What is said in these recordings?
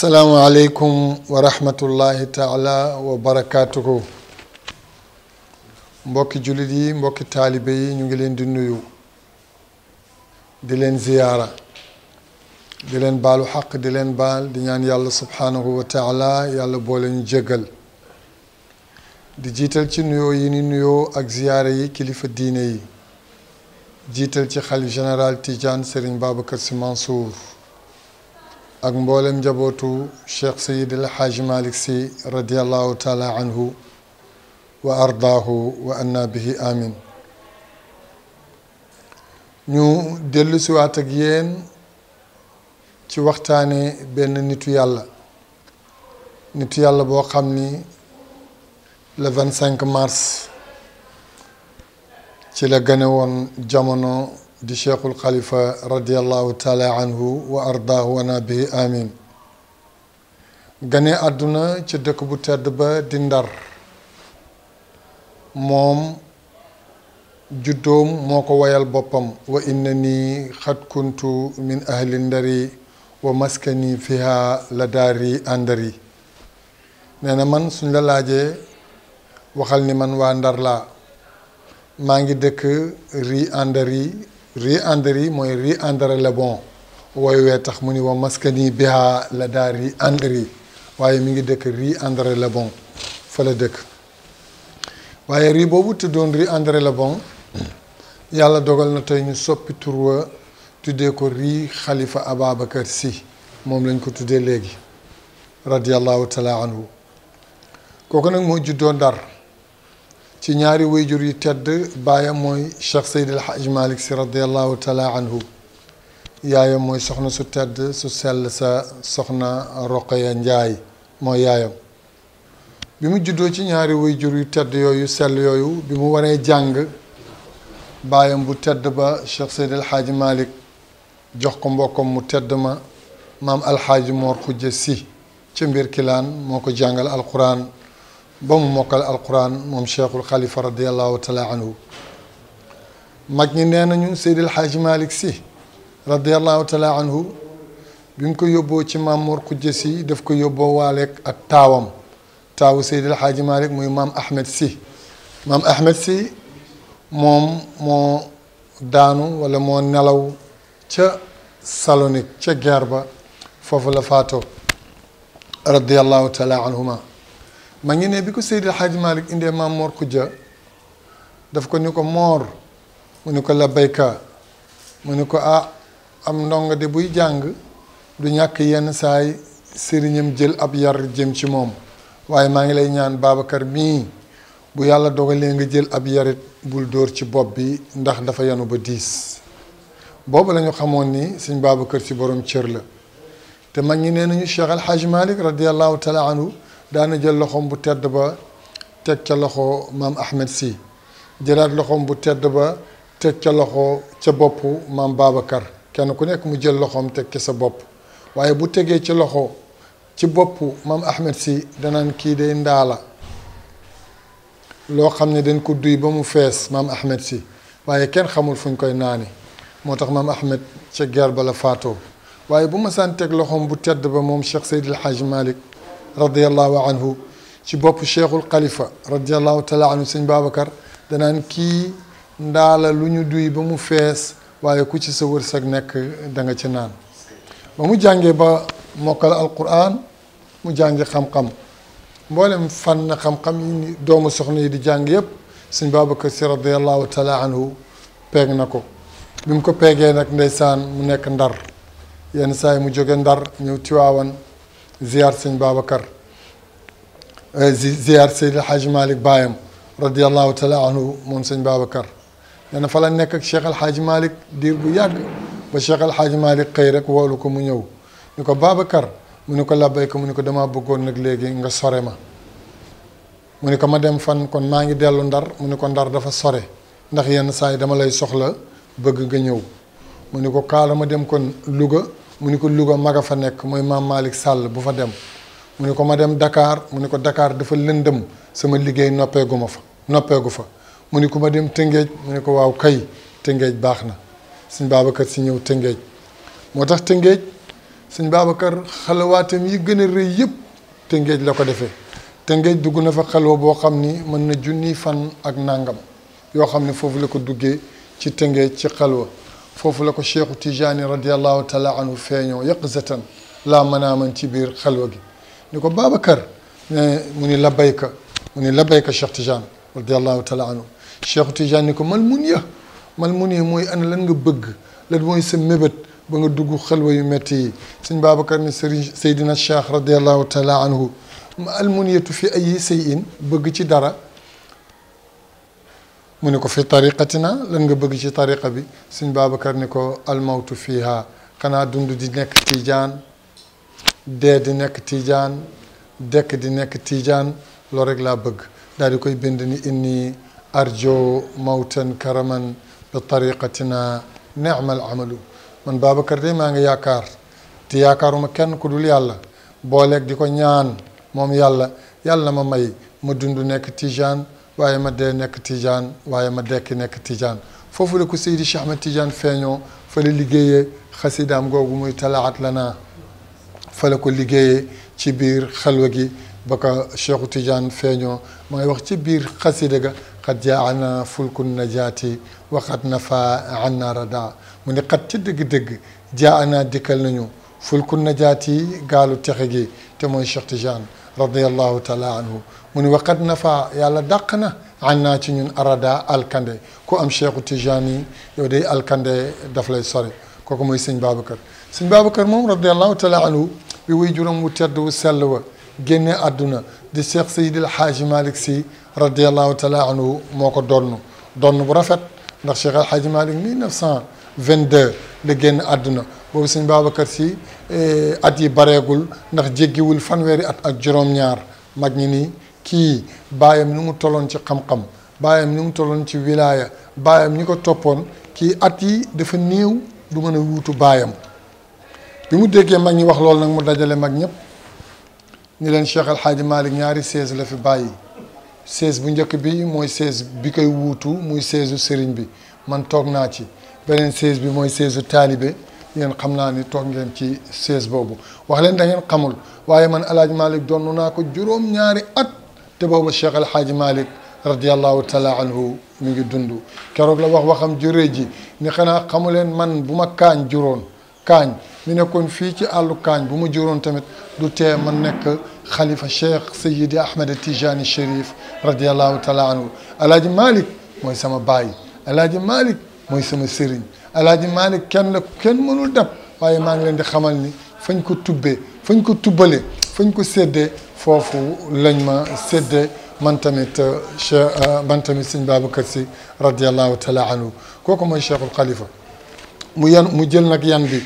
السلام عليكم ورحمة الله تعالى وبركاته mbokki jullit yi mbokki taalibe yi ñu ngi leen di nuyu di leen ziyaara di leen baalu xaq di leen baal di ñaan yàlla subhaanahu wa taala yàlla boole ñu jéggal di jiital ci nuyoo yi ni nuyoo ak ziyaara yi kilifa diine yi jiital ci xalif général Tidiane Serigne Babacar Sy Mansour ak mbollem njabootu cheikh sayyid al haj malik si radiallahu taala anhu wa ardaahu wa anna bihi amin ñu delu ci wat ak yéen ci waxtane ben nitu yàlla nitu yàlla bo xamni le 25 mars ci la gane won jamono دي شيخ الخليفة رضي الله تعالى عنه وأرضاه ونبيه آمين gane àdduna ci dëkk bu tedd ba di ndar moom juddoom moo ko wayal boppam wa inna nii xat kuntu min ahli ndari wa maskani fiha la daari àndari nee na man suñ la laajee waxal ni man waa ndar laa maa ngi dëkk ri àndari rii andri mooy rii andara la bon wooy wee tax mu ni wa maskani biha la daa rii andri waaye mi ngi dëkk rii andara la bon fa la dëkk waaye rii boobu tuddoon rii andara la bon yàlla dogal na tey ñu soppi tur tuddee ko rii xalifa Ababacar si moom lañ ko tuddee léegi radiallahu taala anhu kooku nag moo juddoon Ndar ci ñaari wayjur yu tedd baayam mooy Cheikh Seydil haj malik si radiallahu taala anhu yaayam mooy soxna su tedd su sell sa soxna Roqaya Njaay mooy yaayam bi mu juddoo ci ñaari wayjur yu tedd yooyu sell yooyu bi mu waree jàng baayam bu tedd ba Cheikh Seydil haj malik jox ko mbokkam mu tedd ma maam alxaaji Mor Xujja si ci mbir kilaan moo ko jàngal alquran ba mu mokkal alquran moom cheikhul xalifa radiallahu taala anhu mag ñi nee nañu seydil xaaji malik si radiallahu taala anhu bi mu ko yóbboo ci maam Mor Kujje si daf ko yóbboo waaleeg ak taawam taawu seydil xaaji malik muy maam ahmed si maam ahmed si moom moo daanu wala moo nelaw ca Salonique ca guerre ba foofu la faatoo radiallahu taala anhuma ma ngi ne bi ko Seydil Hadji malik indee maam Mor Khoudia daf ko ni ko moor mu ni ko labayka mu ni ko ah am ndongo de buy jàng du ñàkk yenn saay sëriñam jël ab yar jëm ci moom waaye maa ngi lay ñaan Babacar mii bu yàlla dogalee nga jël ab yarit bul dóor ci bopp bi ndax dafa yanu ba diis boobu lañu ñu xamoon ni sëñ Babacar ci borom cër la te mag ñi nee nañu Cheikh Al Hadji Malick radiallahu taala anhu daana jël loxoom بو تيد با تيك ca loxo maam Ahmed si jëlaat loxoom bu tedd ba teg تي loxo ca bopp maam Babacar kenn ku nekk mu jël loxoom teg ci sa bopp waaye bu tegee ci loxo ci bopp maam Ahmed si danaan kii day ndaala loo xam ne dañ ko duy ba mu fees maam Ahmed si waaye kenn xamul fu ñu koy naani moo tax maam Ahmed ca guerre bu ma bu tedd ba mom Cheikh Seydil Hadj malik radiallahu anhu ci bopp cheikhul xalifa radiallahu taala anhu sëñ Babacar danaan kii ndaala lu ñu duy ba mu fees waaye ku ci sa wërsëg nekk danga ci naan ba mu jàngee ba mokkal alquran mu jàngi xam-xam mboolem fànn xam-xam yi doomu soxna yi di jàng yépp sëñ Babacar si radiallahu taala anhu peeg na ko bi mu ko peegee nag ndeysaan mu nekk ndar yenn saa yi mu jóge ndar ñëw tiwaawan زيارة سيدنا أبو بكر أه، زيارة سيد الحاج مالك بايم رضي الله تعالى عنه من سيدنا أبو بكر لأن فلا نك الشيخ الحاج مالك دير بياك بشيخ الحاج مالك خيرك وولكم من يو نكو أبو بكر منكو لبيك منكو دما بقول نك ليجي إنك سرما منكو ما دم فن كن ما عندي دار منكو دار دفع سرة نخيان سايد ملاي لا يسخله بقى جنيو منكو دم كن لوجا mu ni ko Louga mag a fa nekk mooy maam maalik sàll bu fa dem mu ni ko ma dem dakaar mu ni ko dakaar dafa lëndëm sama liggéey noppeegu ma fa noppeegu fa mu ni ko ma dem Tëngéej mu ni ko waaw kay Tëngéej baax na suñ Babacar si ñëw Tëngéej moo tax Tëngéej suñ Babacar xalawaatam yi gën a rëy yëpp Tëngéej la ko defee Tëngéej dugg na fa xalwa boo xam ni mën na junni fan ak nàngam yoo xam ne foofu la ko duggee ci Tëngéej ci xalwa foofu la ko cheikhu tijaani radiallahu taala anhu feeñoo yaqzatan laa manaaman ci biir xalwa gi ni ko babacar mu ni labayka mu ni labayka cheikh tijaani radiallahu taala anhu cheikhu tijaani ni ko mal mun ya mal mun ya mooy ana lan nga bëgg lan mooy sa mébét ba nga dugg xalwa yu métti yi sëñ ni sëriñ cheikh radiallahu taala anhu al mun fi ay sey in ci dara mu ne ko fi tariqatina lan nga bëgg ci tariqa bi suñ Babacar ni ko almawtu fiha kana dundu di nek tijaan de di nek tijaan dek di nek tijaan loo rek laa bëgg di koy ni inni arjo mawtan karaman bi tariqatina neemal amalu man babakar de maa ngi yaakaar te yaakaaruma kenn ku dul yàlla booleeg di ko ñaan moom yàlla yàlla ma may ma waaye ma dee nekk Tijaan waaye ma dekki nekk Tijaan foofu la ko Seydi Cheikh Ahmed Tijaan feeñoo fa la liggéeyee xasidaam googu muy talaat lana fa la ko liggéeye ci biir xalwa gi ba ka Cheikhu Tijaan feeñoo mooy wax ci biir xasida ga xat jaana fulku najaati waxat nafa anna rada mu ne xat ci dëgg-dëgg jaana dikkal nañu fulku najaati gaalu texe gi te mooy Cheikh Tijaan رضي الله تعالى عنه من وقد نفى يالا دقنا عنا تنين أرادا الكندي كو أم شيخ تجاني يودي الكندي دفلي سوري كو كمو سين بابكر سين بابكر موم رضي الله تعالى عنه بيوي جرم متردو سلوة جنة أدونا دي شيخ سيد الحاج مالك سي رضي الله تعالى عنه موكو دونو دونو برفت نخشيخ الحاج مالك 1922 لجنة أدونا bobu seigne Babacar si at yi baregul ndax jéggiwul fanweri at ak jurom naar magni ñi ki bayam baayam ni mu tolloon ci xam-xam bayam ni mu tolloon ci wilaya bayam ñi ko toppoon kii at yi dafa néew du meuna wutu bayam bi mu déggee magni wax lol nak mu dajale mag ñep ni len Cheikh El Hadj Malick ñaari 16 la fi bàyyi 16 bu ñëk bi moy 16 bi kay wutu moy 16 serigne bi man tok na ci benen 16 bi moy 16 talibé yen xamna ni tok ngeen ci 16 bobu wax len da ngeen xamul waye man alaaj malik doon na ko juróom ñaari at te bobu cheikh alhaaji malik radiyallahu taala anhu mi ngi dundu keroog la wax waxam juré ji ni xana xamulen man buma kañ kaañ juróon kaañ mi nekkoon fi ci àllu kañ buma ma juróon tamit du te man nek khalifa cheikh sayidi ahmed tijani sharif radiyallahu taala anhu alaaji malik moy sama baye alaaji malik moy sama serigne alaaji Malick kenn la kenn mënul dab waaye maa ngi leen di xamal ni fañ ko tubbee fañ ko tubbalee fañ ko séddee foofu lañ ma séddee man tamit cheikh man tamit sëñ Babacar si radiallahu taala anhu kooku mooy cheikhul xalifa mu yan mu jël nag yan bi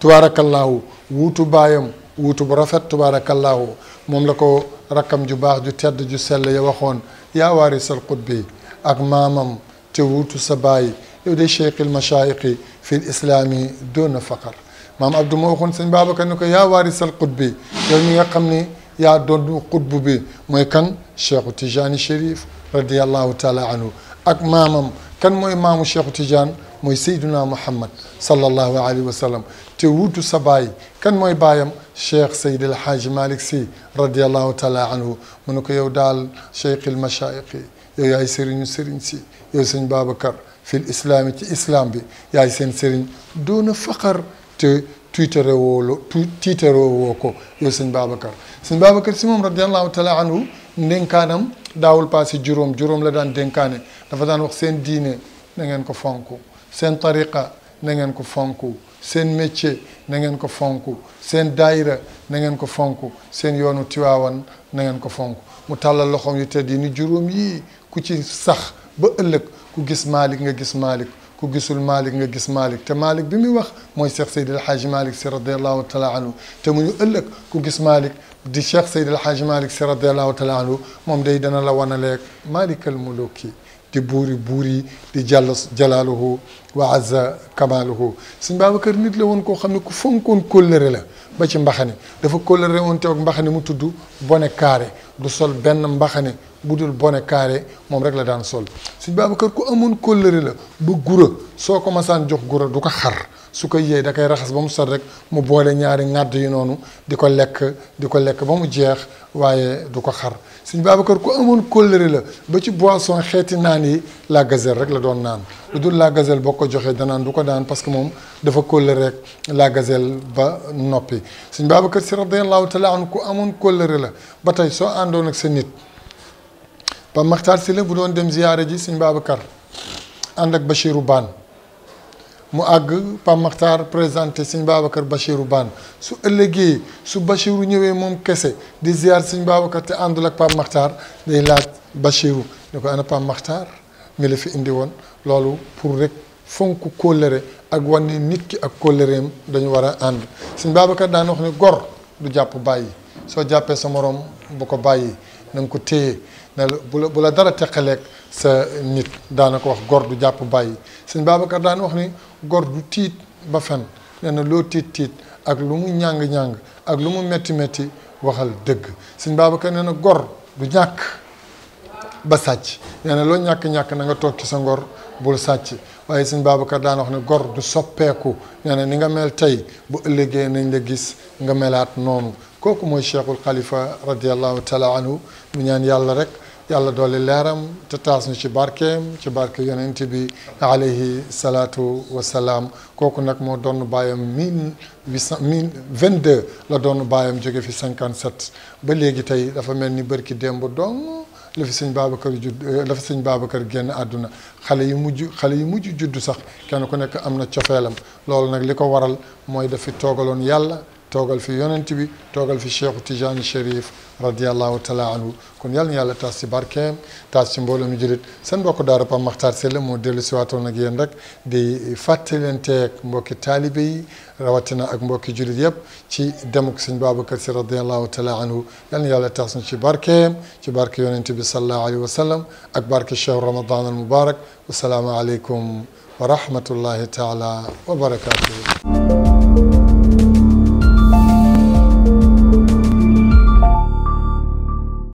tubaarakallaahu wuutu baayam wuutu bu rafet tubaarakallaahu moom la ko rakkam ju baax ju tedd ju sell ya waxoon yaa waarisal qutbi ak maamam te wuutu sa baay يودي شيخ المشايخ في الإسلام دون فقر مام عبد موخون سن بابا كنك يا وارث القطبي يوم يقمني يا دون قطب بي موي كان شيخ تيجاني شريف رضي الله تعالى عنه أك مامم كان موي مامو شيخ تيجان mooy Seydina Muhammad sallallahu alayhi wa sallam te wuutu sa baay kan mooy baayam Cheikh Seydi El Hadj Malick Sy radiyallahu taala anhu mu ne ko yow daal Cheikh il Machaïqi yow yaay Serigne Serigne Sy yow sëñ Babacar fil islaam ci islam bi yaay seen sëriñ doona faqar te tiitare woolo tiitare ko yow sëñ Babacar sëñ Babacar si moom radiallahu taala anhu ndénkaanam daawul passé juróom juróom la daan dénkaane dafa daan wax seen diine na ngeen ko fonk seen tariqa na ngeen ko fonk seen métier na ngeen ko fonk seen daayira na ngeen ko fonk seen yoonu tiwaawan na ngeen ko fonk mu tàllal loxoom yu tedd yi juróom yii ku ci sax ba ëllëg ku gis malik nga gis malik ku gisul malik nga gis malik te malik bi mi wax moy Cheikh Seydi El Hadji malik Sy radiallahu taala anhu te mu ñu ëlëk ku gis malik di Cheikh Seydi El Hadji malik Sy radiallahu taala anhu mom day dana la wanaleeg Malikal Muluki di buri buri di jàll jalaluhu wa azza kamaluhu Sëñ babakar nit la won ko xam ku fonkon kolere la ba ci mbaxane dafa kolere won te ak mbaxane mu tuddu bone carré du sol ben mbaxane bu dul bonnet carré moom rek la daan sol suñ Babacar ku amoon kóllëre la ba gura soo ko masaan jox gura du ko xar su ko yee da koy raxas ba mu sot rek mu boole ñaari ŋàdd yu noonu di ko lekk di ko lekk ba mu jeex waaye du ko xar suñ Babacar ku amoon kóllëre la ba ci boisson xeeti naan yi la gazelle rek la doon naan lu dul la gazelle boo ko joxee danaan du ko daan parce que moom dafa kóllëre rek la ba noppi suñ Babacar si radiyallahu taala anhu ku amoon kóllëre la ba tey soo àndoon ak sa nit Pape Makhtar Sylla bu doon dem ziyaare ji sëñ Babacar ànd ak Bachirou Bane mu àgg Pape Makhtar présenté sëñ Babacar Bachirou Bane su ëllëgee su Bachirou ñëwee moom kese di ziyaar sëñ Babacar te àndul ak Pape Makhtar day laaj Bachirou ne ko ana Pape Makhtar fi indi woon loolu pour rek fonk kóllëre ak wane nit ki ak kóllëreem dañu war a ànd sëñ Babacar daan wax ne gor du jàpp bàyyi soo jàppee sa moroom bu ko bàyyi na nga ko téye ne la bu la dara teqaleeg sa nit daana ko wax gor du jàpp bàyyi sëñ Babacar daan wax ni gor du tiit ba fen nee na loo tiit tiit ak lu mu ñàng-ñàng ak lu mu metti metti waxal dëgg sëñ Babacar nee na gor du ñàkk ba sàcc nee loo ñàkk-ñàkk na nga toog ci sa ngor bul sàcc waaye sëñ Babacar daan wax ne gor du soppeeku nee ni nga mel tey bu ëllëgee nañ la gis nga melaat noonu kooku mooy cheikhul xalifa radiallahu taala anhu mu ñaan yàlla rek yàlla doole leeram te taas ñu ci barkeem ci barke yonent bi alayhi salaatu wasalaam kooku nag moo doon bàyyam mille huit cent mille vingt deux la doon bàyyam jóge fi cinquante sept ba léegi tey dafa mel ni bërki démb dong la fi sëñ Babacar judd la fi sëñ Babacar génn àdduna xale yu mujj xale yu mujj juddu sax kenn ku nekk am na cofeelam loolu nag li ko waral mooy dafi toogaloon yàlla توغل في يونتبي توغل في شيخ تيجان شريف رضي الله تعالى عنه كون يال نيالا تاسي باركيم تاسي مبولو مجرد سن بوكو دارو با مختار سيلم مو ديلو سواتو نجي اندك دي فاتلين تيك مبوكي تاليبي رواتنا اك مبوكي جرد يب تي دموك سن بابو كرسي رضي الله تعالى عنه يال نيالا تاسي شي باركيم شي بارك يونتبي صلى الله عليه وسلم اك بارك الشهر رمضان المبارك والسلام عليكم ورحمة الله تعالى وبركاته